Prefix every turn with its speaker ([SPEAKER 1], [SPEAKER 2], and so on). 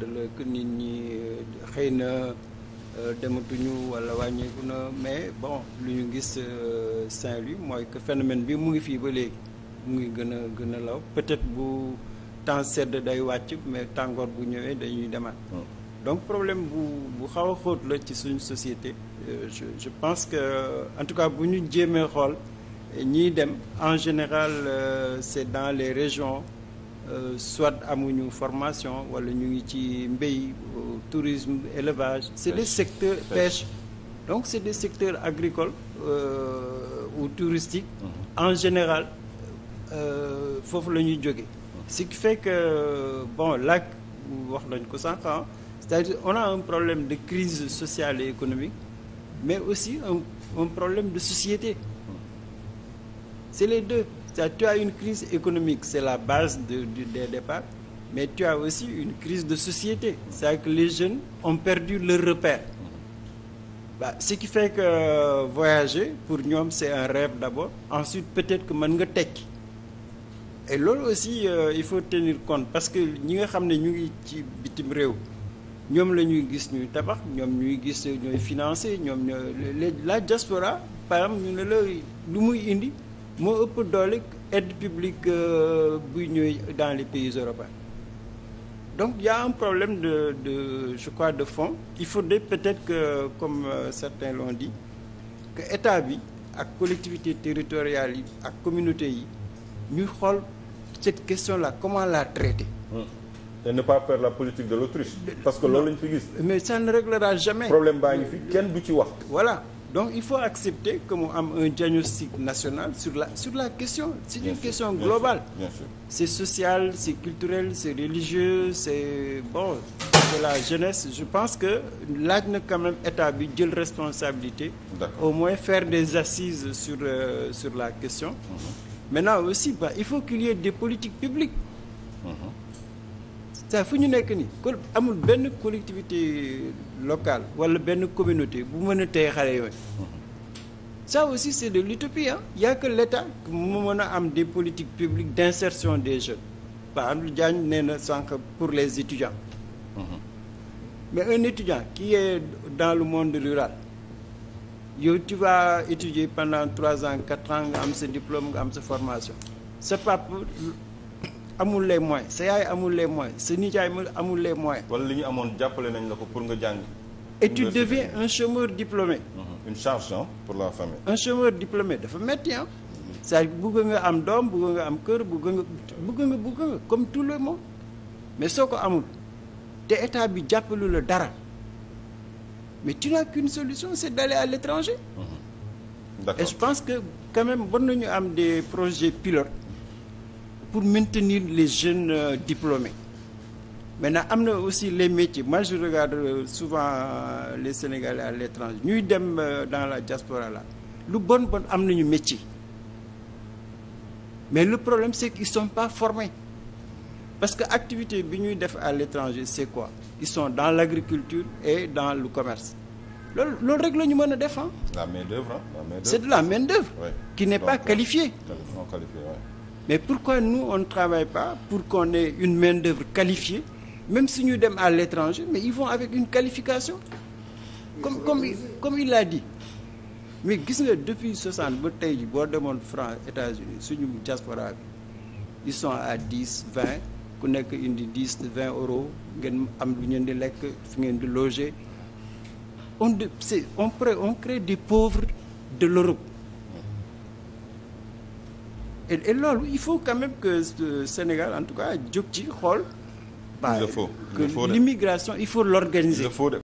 [SPEAKER 1] de la que nit ñi euh, xëy na euh, dematuñu wala wàññeeku na mais bon lu ñu gis euh, Saint-Louis mooy que phénomène bi mu ngi fii ba léegi mu ngi gën a gën a law peut-être bu temps sedd day wàcc mais tàngoor bu ñëwee dañuy demaat. donc problème bu bu xaw a xóot la ci suñu société. je pense que en tout cas bu ñu jéemee xool ñiy dem en général c'est dans les régions. Euh, soit amuñu formation wala ñu ngi ci mbéy euh, tourisme élevage c'est des secteurs pêche donc c'est des secteurs agricoles euh, ou touristiques mhm. en général foofu la ñuy jóge mhm. ce qui fait que bon lac wax nañ ko sànq c'est-à-dire on a un problème de crise sociale et économique mais aussi un, un problème de société mhm. c'est les deux tu as une crise économique, c'est la base de, de, des départs, mais tu as aussi une crise de société. C'est-à-dire que les jeunes ont perdu leur repère. Bah, ce qui fait que euh, voyager, pour ñoom c'est un rêve d'abord. Ensuite, peut-être que man nga tekki. Et loolu aussi, euh, il faut tenir compte parce que ñi nga xam ne ñu ngi ci bitim réew ñoom la ñuy gis ñuy tabax ñoom ñuy gis ñooy financer ñoom ñooy la diaspora par exemple ñu ne la lu muy indi. moo ëpp doole aide publique euh, buy ñëwee dans les pays européens donc y un problème de de je crois de fond il faudrait peut-être que comme euh, certains l'ont dit que état bi ak collectivités territoriales yi ak communauté yi ñuy xool cette question la comment la traiter. te ne pas faire la politique de l'autruche parce que loolu lañu fi gis. mais ça ne réglera jamais. problème baa ngi fi kenn du ci wax. voilà. donc il faut accepter que am un diagnostic national sur la sur la question c'est une bien question sûr, globale bien sûr c'est social c'est culturel c'est religieux c'est bon c'est la jeunesse je pense que laaj na quand même bi jël responsabilité au moins faire des assises sur euh, sur la question mm -hmm. maintenant aussi il faut qu'il y ait des politiques publiques mm-hmm. ça fu ñu nekk nii ko amul benn collectivité locale wala benn communauté bu mën a téye xale yooyu ça aussi c'est de l'utopie ah y l'État mu mën a am des politiques publiques d'insertion des jeunes par exemple Diagne nee na sànq pour les étudiants mais un étudiant qui est dans le monde rural yow tu vas étudier pendant trois ans quatre ans nga am sa diplôme nga am sa formation sa papa amul les moyens sa yaay amul les moyens sa nijaay amul les moyens. wala li ñu amoon jàppale nañ la ko pour nga jàng. et tu deviens un chômeur diplômé. Mm-hmm. une charge pour la famille. un chômeur diplômé dafa metti ah. c'est-à-dire bëgg nga am doom bëgg nga am kër bëgg nga bëgg nga bëgg comme tout le monde mais soo ko amul te état bi jàppalu la dara mais tu n'as qu'une solution c'est d'aller à l'étranger. d'accord mm-hmm. et je pense que quand même war nañu am des projet pilotes. pour maintenir les jeunes euh, diplômés maintenant am na aussi les métiers moi je regarde euh, souvent euh, les Sénégalais à l'étranger ñuy dem dans la diaspora là lu bon bon am na nañu métier mais le problème c'est qu'ils sont pas formés parce que activité bi ñuy def à l'étranger c'est quoi ils sont dans l'agriculture et dans le commerce loolu loolu rek la ñu mën a def ah. la main d'œuvre, la main d'œuvre. c'est de la main d'œuvre. Oui. qui n'est pas qualifiée. mais pourquoi nous on ne travaille pas pour qu'on ait une main d'œuvre qualifiée même si ñu dem à l'étranger mais ils vont avec une qualification comme comme comme il l'a dit mais gis nga depuis 60 ba tey ji boo demoon France États-Unis suñu diaspora bi ils sont à 10 20 ku nekk indi 10 20 euros ngeen am lu ngeen di lekk fi ngeen di loger on de c'est on on crée des pauvres de l'Europe et, et loolu il faut quand même que euh, Sénégal en tout cas jóg ci xool. il faut que l'immigration il faut l'organiser.